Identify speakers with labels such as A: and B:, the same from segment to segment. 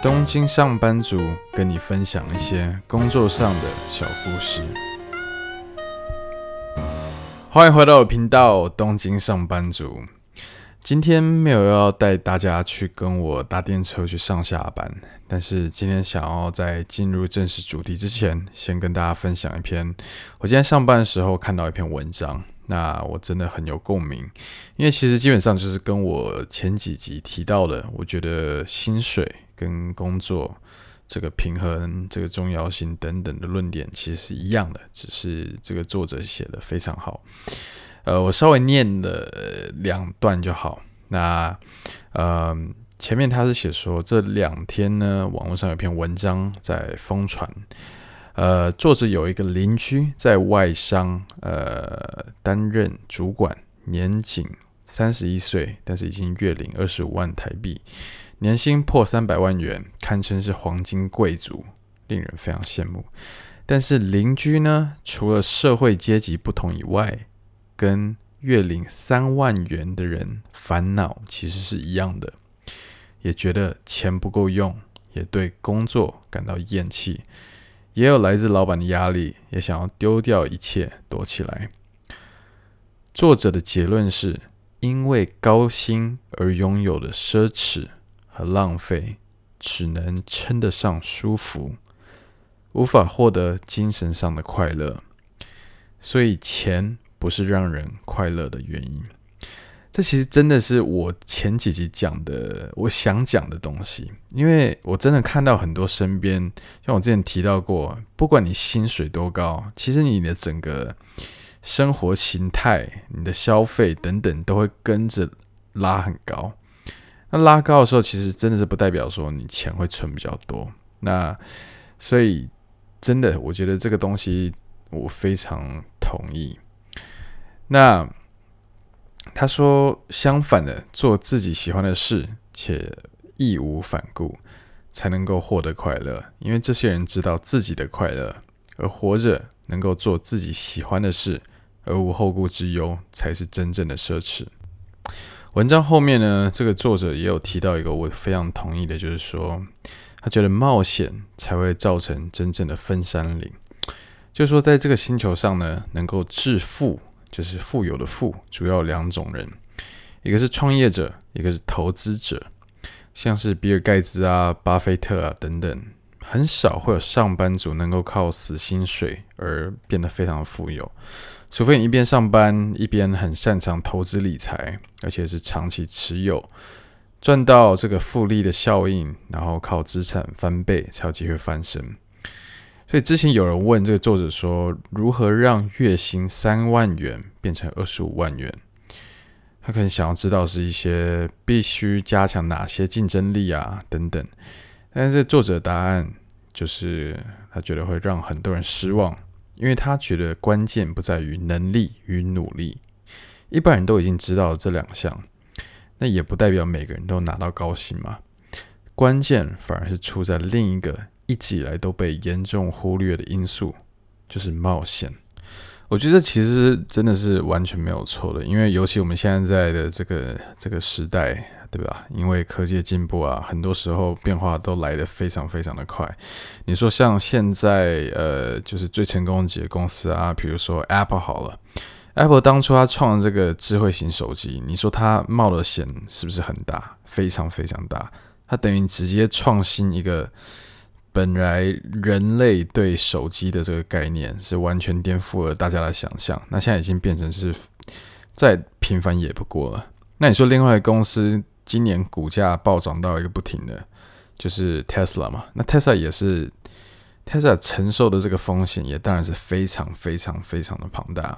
A: 東京上班族跟你分享一些工作上的小故事。歡迎回到我頻道《東京上班族》。今天沒有要帶大家去跟我搭電車去上下班，但是今天想要在進入正式主題之前，先跟大家分享一篇我今天上班的時候看到一篇文章。那我真的很有共鳴，因為其實基本上就是跟我前幾集提到的，我覺得薪水跟工作這個平衡、這個重要性等等的論點其實是一樣的，只是這個作者寫的非常好。呃，我稍微念了兩段就好。那呃，前面他是寫說這兩天呢，網絡上有篇文章在瘋傳。呃，作者有一個鄰居在外商，呃，擔任主管，年僅三十一歲，但是已經月領二十五萬台幣，年薪破三百萬元，堪稱是黃金貴族，令人非常羨慕。但是鄰居呢，除了社會階級不同以外，跟月領三萬元的人煩惱其實是一樣的，也覺得錢不夠用，也對工作感到厭棄。也有來自老板的壓力，也想要丟掉一切躲起來。作者的結論是：因為高薪而擁有的奢侈和浪費，只能稱得上舒服，無法獲得精神上的快樂。所以，錢不是讓人快樂的原因。這其實真的是我前幾集講的，我想講的東西，因為我真的看到很多身邊，像我之前提到過，不管你薪水多高，其實你的整個生活形態、你的消費等等，都會跟着拉很高。那拉高的時候，其實真的是不代表說你錢會存比較多。那所以，真的，我覺得這個東西我非常同意。那。他說：“相反的，做自己喜歡的事且義無反顧，才能夠獲得快樂。因為這些人知道自己的快樂，而活着能夠做自己喜歡的事而無後顧之憂，才是真正的奢侈。”文章後面呢，這個作者也有提到一個我非常同意的，就是說他覺得冒險才會造成真正的分水嶺，就是說在這個星球上呢，能夠致富，就是富有的富，主要有兩種人，一個是創業者，一個是投資者，像是比爾蓋茨啊、巴菲特啊等等，很少會有上班族能夠靠死薪水而變得非常的富有，除非你一邊上班，一邊很擅長投資理財，而且是長期持有，賺到這個複利的效應，然後靠資產翻倍才有機會翻身。所以之前有人問這個作者說，如何讓月薪三萬元變成二十五萬元？他可能想要知道是一些必須加強哪些競爭力啊等等。但是這個作者的答案就是，他覺得會讓很多人失望，因為他覺得關鍵不在於能力與努力，一般人都已經知道了這兩項，那也不代表每個人都拿到高薪嘛。關鍵反而是出在另一個。一直以來都被嚴重忽略的因素，就是冒險。我覺得其實真的是完全沒有錯的，因為尤其我們現在在的這個這個時代，對吧？因為科技進步啊，很多時候變化都來得非常非常的快。你說像現在呃，就是最成功的幾個公司啊，比如說 Apple 好了，Apple 當初他創的這個智慧型手機，你說他冒的險是不是很大？非常非常大，它等於直接創新一個。本來人類對手機的這個概念，是完全顛覆了大家的想象，那現在已經變成是再平凡也不過了。那你說另外一個公司今年股價暴漲到一個不停的就是 Tesla 嘛？那 Tesla 也是 Tesla 承受的這個風險也當然是非常非常非常的龐大。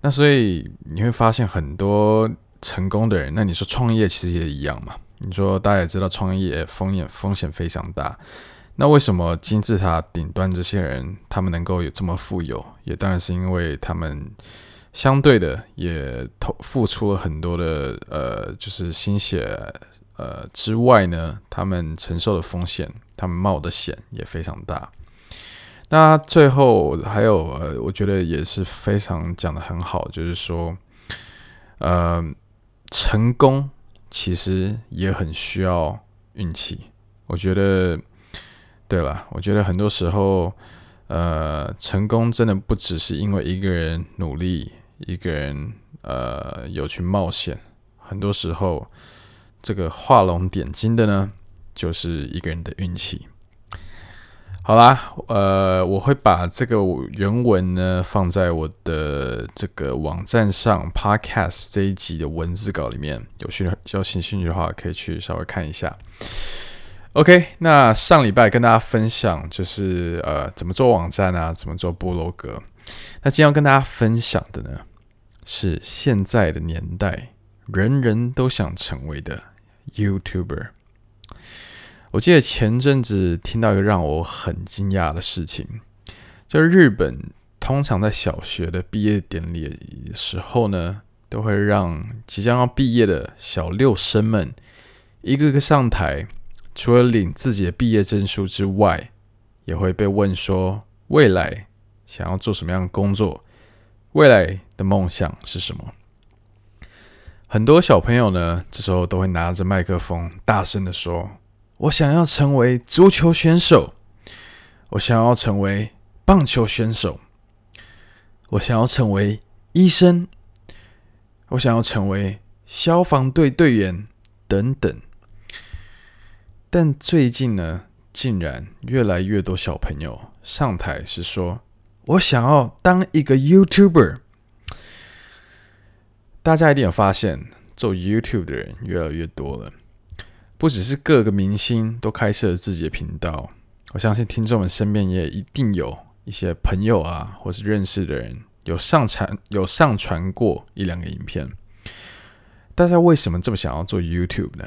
A: 那所以你會發現很多成功的人，那你說創業其實也一樣嘛？你說大家也知道創業風險風險非常大。那為什麼金字塔頂端這些人，他們能夠有這麼富有？也當然是因為他們相對的也投付出了很多的呃，就是心血呃之外呢，他們承受的風險，他們冒的險也非常大。那最後還有，呃，我覺得也是非常講得很好，就是說，呃，成功其實也很需要運氣，我覺得。對了，我覺得很多時候，呃，成功真的不只是因為一個人努力，一個人呃有去冒險，很多時候這個畫龍點睛的呢，就是一個人的運氣。好啦，呃，我會把這個原文呢放在我的這個網站上，Podcast 這一集的文字稿裡面，有需要有興趣的話，可以去稍微看一下。OK，那上禮拜跟大家分享就是呃怎麼做網站啊，怎麼做部落格。那今天要跟大家分享的呢，是現在的年代人人都想成為的 YouTuber。我記得前陣子聽到一個讓我很驚訝的事情，就是日本通常在小學的畢業典禮的時候呢，都會讓即將要畢業的小六生們一個個上台。除了領自己的畢業證書之外，也會被問說：“未來想要做什麼樣的工作？未來的夢想是什麼？”很多小朋友呢，這時候都會拿着麥克風，大聲的說：“我想要成為足球選手，我想要成為棒球選手，我想要成為醫生，我想要成為消防隊隊員，等等。”但最近呢，竟然越來越多小朋友上台是說：“我想要當一個 YouTuber。”大家一定有發現，做 YouTube 的人越來越多了。不只是各個明星都開設了自己的頻道，我相信聽眾們身邊也一定有一些朋友啊，或是認識的人有上傳有上傳過一兩個影片。大家為什麼這麼想要做 YouTube 呢？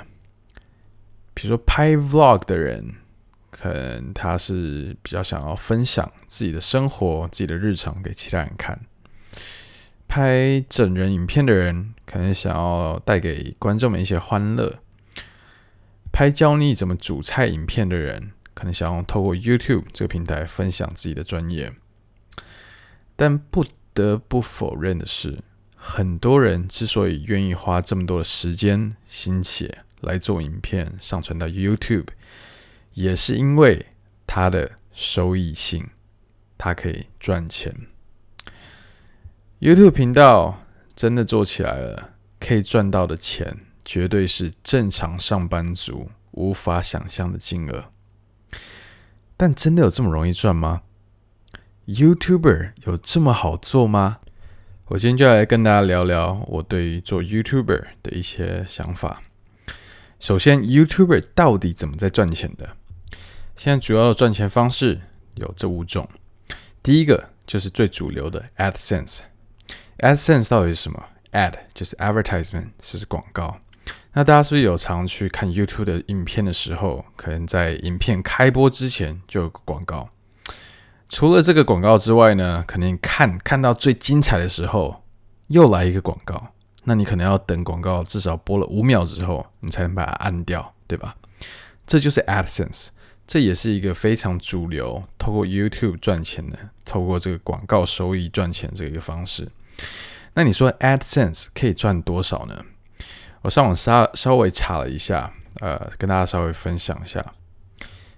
A: 比如說拍 Vlog 的人，可能他是比較想要分享自己的生活、自己的日常給其他人看；拍整人影片的人，可能想要帶給觀眾們一些歡樂；拍教你怎麼煮菜影片的人，可能想要透過 YouTube 這個平台分享自己的專業。但不得不否認的是，很多人之所以願意花這麼多的時間、心血，來做影片上傳到 YouTube，也是因為它的收益性，它可以賺錢。YouTube 頻道真的做起來了，可以賺到的錢絕對是正常上班族無法想象的金額。但真的有這麼容易賺嗎？YouTuber 有這麼好做嗎？我今天就來，來跟大家聊聊我對於做 YouTuber 的一些想法。首先，YouTuber 到底怎麼在賺錢的？現在主要的賺錢方式有這五種。第一個就是最主流的 AdSense。AdSense 到底是什麼？Ad 就是 advertisement，是廣告。那大家是不是有常去看 YouTube 的影片的時候，可能在影片開播之前就有個廣告？除了這個廣告之外呢，可能看看到最精彩的時候，又來一個廣告。那你可能要等廣告至少播了五秒之後，你才能把它按掉，對吧？這就是 AdSense，這也是一個非常主流，透過 YouTube 賺錢的，透過這個廣告收益賺錢這一個方式。那你說 AdSense 可以賺多少呢？我上網稍稍微查了一下，呃，跟大家稍微分享一下，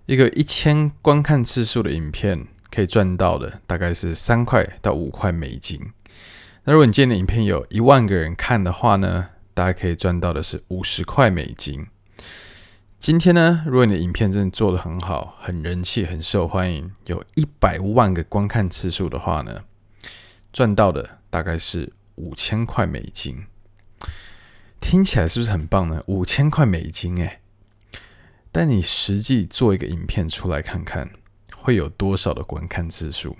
A: 一個一千觀看次數的影片可以賺到的大概是三塊到五塊美金。那如果你今天的影片有一萬個人看的話呢，大概可以賺到的是五十塊美金。今天呢，如果你的影片真的做得很好，很人氣，很受歡迎，有一百萬個觀看次數的話呢，賺到的大概是五千塊美金。聽起來是不是很棒呢？五千塊美金誒、欸，但你實際做一個影片出來看看，會有多少的觀看次數？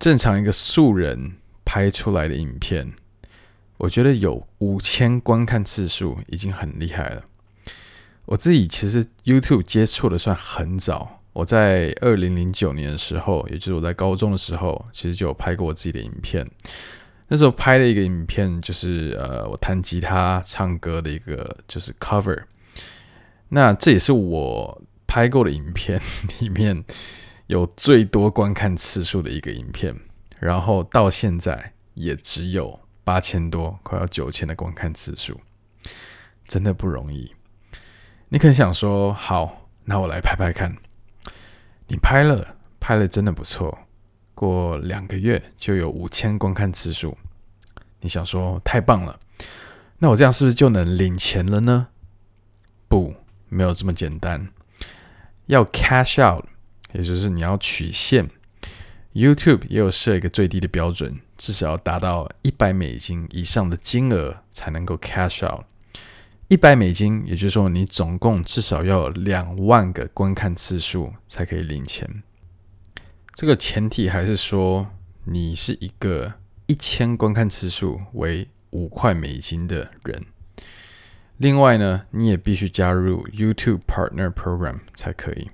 A: 正常一個素人。拍出來的影片，我覺得有五千觀看次數已經很厲害了。我自己其實 YouTube 接觸的算很早，我在二零零九年的時候，也就是我在高中的時候，其實就有拍過我自己的影片。那時候拍的一個影片就是呃，我彈吉他唱歌的一個就是 cover。那這也是我拍過的影片 裡面有最多觀看次數的一個影片。然後到現在也只有八千多，快要九千的觀看次數，真的不容易。你可能想說：“好，那我來拍拍看。”你拍了，拍了，真的不錯。過兩個月就有五千觀看次數，你想說太棒了。那我這樣是不是就能領錢了呢？不，沒有這麼簡單。要 cash out，也就是你要取現。YouTube 也有設一個最低的標準，至少要達到一百美金以上的金額才能夠 cash out。一百美金，也就是說你總共至少要有兩萬個觀看次數才可以領錢。這個前提還是說你是一個一千觀看次數為五塊美金的人。另外呢，你也必須加入 YouTube Partner Program 才可以。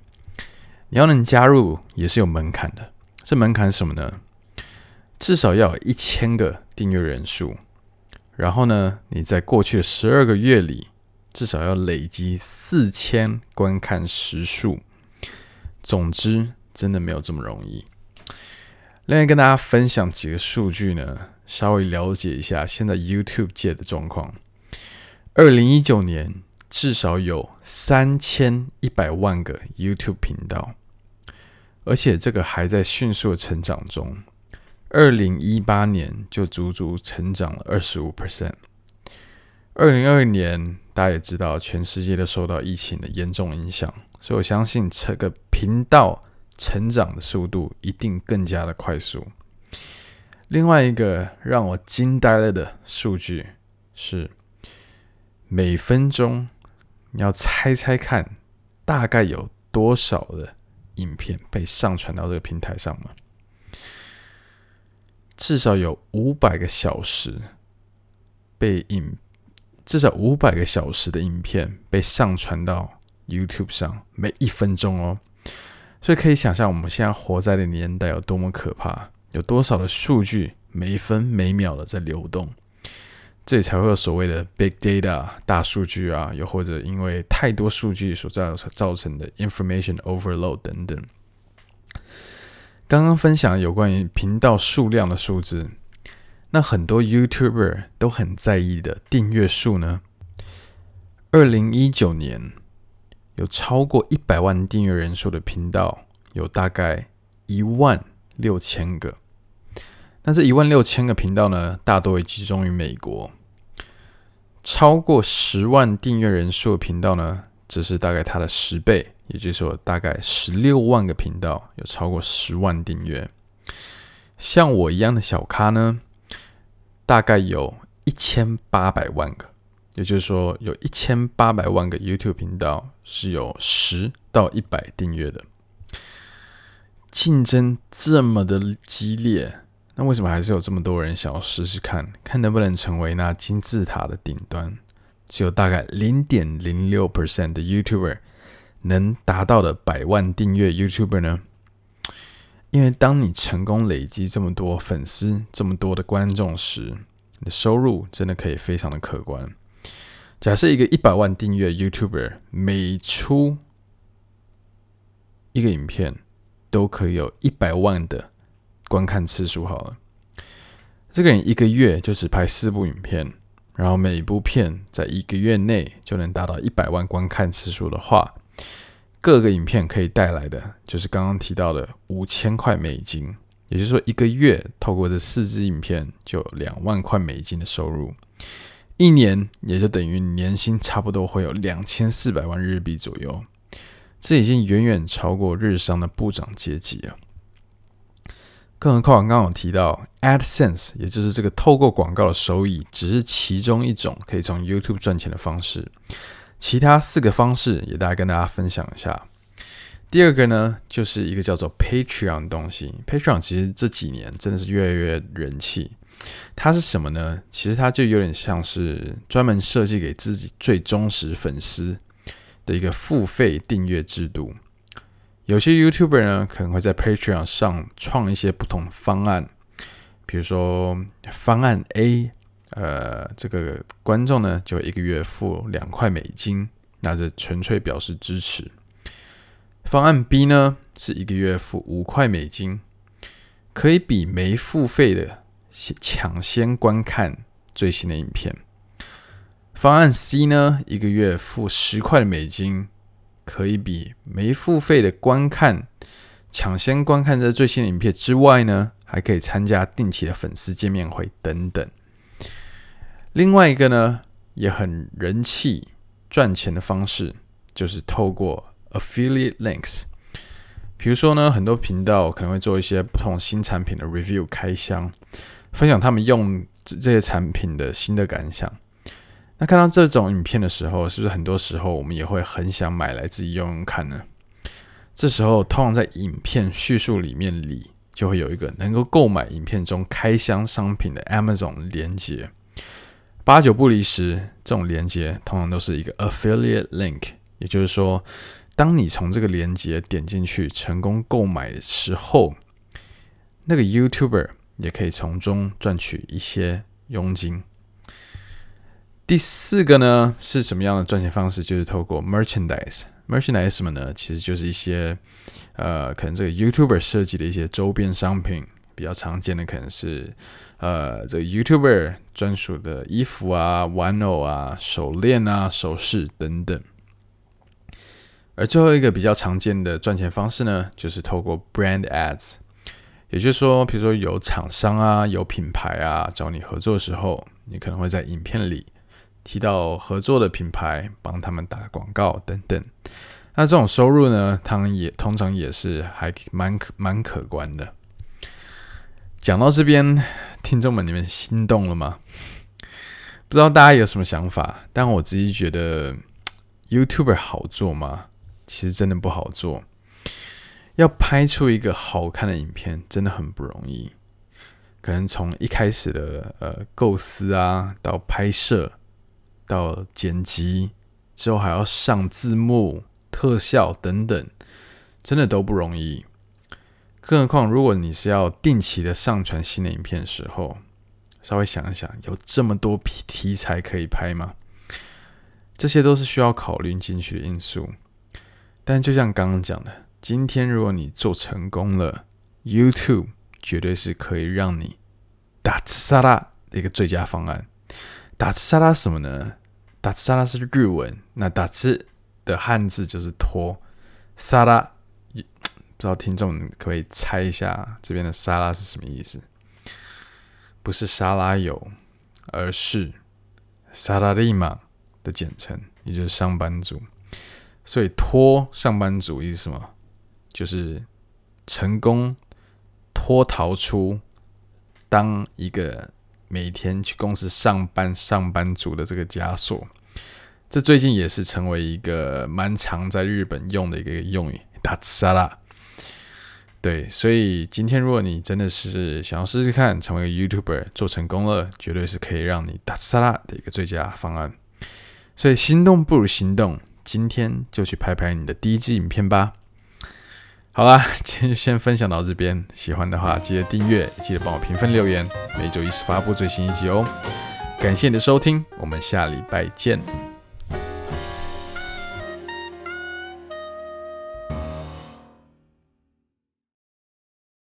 A: 你要能加入也是有門檻的。這門檻什麼呢？至少要有一千個訂閱人數，然後呢，你在過去的十二個月裡，至少要累積四千觀看時數。總之，真的沒有這麼容易。另外，跟大家分享幾個數據呢，稍微了解一下現在 YouTube 界的狀況。二零一九年至少有三千一百萬個 YouTube 頻道。而且這個還在迅速的成長中，二零一八年就足足成長了二十五 percent。二零二二年，大家也知道，全世界都受到疫情的嚴重影響，所以我相信這個頻道成長的速度一定更加的快速。另外一個讓我驚呆了的數據是，每分鐘，你要猜猜看，大概有多少的？影片被上傳到這個平台上了，至少有五百個小時被影，至少五百個小時的影片被上傳到 YouTube 上，每一分鐘哦。所以可以想象，我們現在活在的年代有多麼可怕，有多少的數據每分每秒的在流動。這裡才會有所謂的 big data 大數據啊，又或者因為太多數據所造造成的 information overload 等等。剛剛分享有關於頻道數量的數字，那很多 YouTuber 都很在意的訂閱數呢？二零一九年有超過一百萬訂閱人數的頻道，有大概一萬六千個。但這一萬六千個頻道呢，大多會集中於美國。超過十萬訂閱人數的頻道呢，只是大概它的十倍，也就是說，大概十六萬個頻道有超過十萬訂閱。像我一樣的小咖呢，大概有一千八百萬個，也就是說，有一千八百萬個 YouTube 頻道是有十到一百訂閱的。競爭這麼的激烈。那為什麼還是有這麼多人想要試試看，看能不能成為那金字塔的頂端？只有大概零點零六 percent 的 YouTuber 能達到的百萬訂閱 YouTuber 呢？因為當你成功累積這麼多粉絲、這麼多的觀眾時，你的收入真的可以非常的可觀。假設一個一百萬訂閱 YouTuber 每出一個影片，都可以有一百萬的觀看次數好了，這個人一個月就只拍四部影片，然後每部片在一個月內就能達到一百萬觀看次數的話，各個影片可以帶來的就是剛剛提到的五千塊美金，也就是說一個月透過這四支影片就有兩萬塊美金的收入，一年也就等於年薪差不多會有兩千四百萬日幣左右，這已經遠遠超過日商的部長階級了。更何況，剛剛有提到，AdSense，也就是這個透過廣告的收益，只是其中一種可以從 YouTube 賺錢的方式。其他四個方式也大概跟大家分享一下。第二個呢，就是一個叫做 Patreon 的東西。Patreon 其實這幾年真的是越來越人氣。它是什麼呢？其實它就有點像是專門設計給自己最忠實粉絲的一個付費訂閱制度。有些 YouTuber 呢，可能會在 Patreon 上創一些不同方案，比如說方案 A，呃，這個觀眾呢就一個月付兩塊美金，那這純粹表示支持。方案 B 呢是一個月付五塊美金，可以比沒付費的先搶先觀看最新的影片。方案 C 呢，一個月付十塊美金。可以比沒付費的觀看，搶先觀看這最新的影片之外呢，還可以參加定期的粉絲見面會等等。另外一個呢，也很人氣賺錢的方式，就是透過 affiliate links。比如說呢，很多頻道可能會做一些不同新產品的 review、開箱，分享他們用這些產品的新的感想。那看到這種影片的時候，是不是很多時候我們也會很想買來自己用用看呢？這時候，通常在影片敘述裡面裡就會有一個能夠購買影片中開箱商品的 Amazon 鏈接，八九不離十，這種鏈接通常都是一個 affiliate link，也就是說，當你從這個鏈接點進去成功購買的時候，那個 YouTuber 也可以從中賺取一些佣金。第四個呢是什麼樣的賺錢方式？就是透過 merchandise merchandise 呢，其實就是一些呃，可能這個 YouTuber 設計的一些周邊商品，比較常見的可能是呃，這個 YouTuber 專屬的衣服啊、玩偶啊、手鏈啊、首飾等等。而最後一個比較常見的賺錢方式呢，就是透過 brand ads，也就是說，比如說有廠商啊、有品牌啊找你合作的時候，你可能會在影片裡。提到合作的品牌，幫他們打廣告等等，那這種收入呢，他們也通常也是還蠻可蠻可觀的。講到這邊，聽眾們你們心動了嗎？不知道大家有什麼想法，但我自己覺得，YouTuber 好做嗎？其實真的不好做。要拍出一個好看的影片，真的很不容易。可能從一開始的呃構思啊，到拍攝。到剪輯之後還要上字幕、特效等等，真的都不容易。更何況如果你是要定期的上傳新的影片的時候，稍微想一想，有這麼多題材可以拍嗎？這些都是需要考慮進去的因素。但就像剛剛講的，今天如果你做成功了，YouTube 絕對是可以讓你打吃沙拉的一個最佳方案。打吃沙拉什麼呢？達斯沙拉是日文，那達斯的漢字就是脫沙拉，不知道聽眾可不可以猜一下這邊的沙拉是什麼意思？不是沙拉油，而是沙拉利瑪的簡稱，也就是上班族。所以脫上班族意思是什麼？就是成功脫逃出當一個。每天去公司上班，上班族的這個枷鎖，這最近也是成為一個蠻常在日本用的一個用語，打次沙拉。對，所以今天如果你真的是想要試試看成為 YouTuber，做成功了，絕對是可以讓你打次沙拉的一個最佳方案。所以心動不如行動，今天就去拍拍你的第一支影片吧。好啦，今天就先分享到這邊。喜歡的話記得訂閱，記得幫我評分留言。每周一次發布最新一集哦。感謝你的收聽，我們下禮拜見。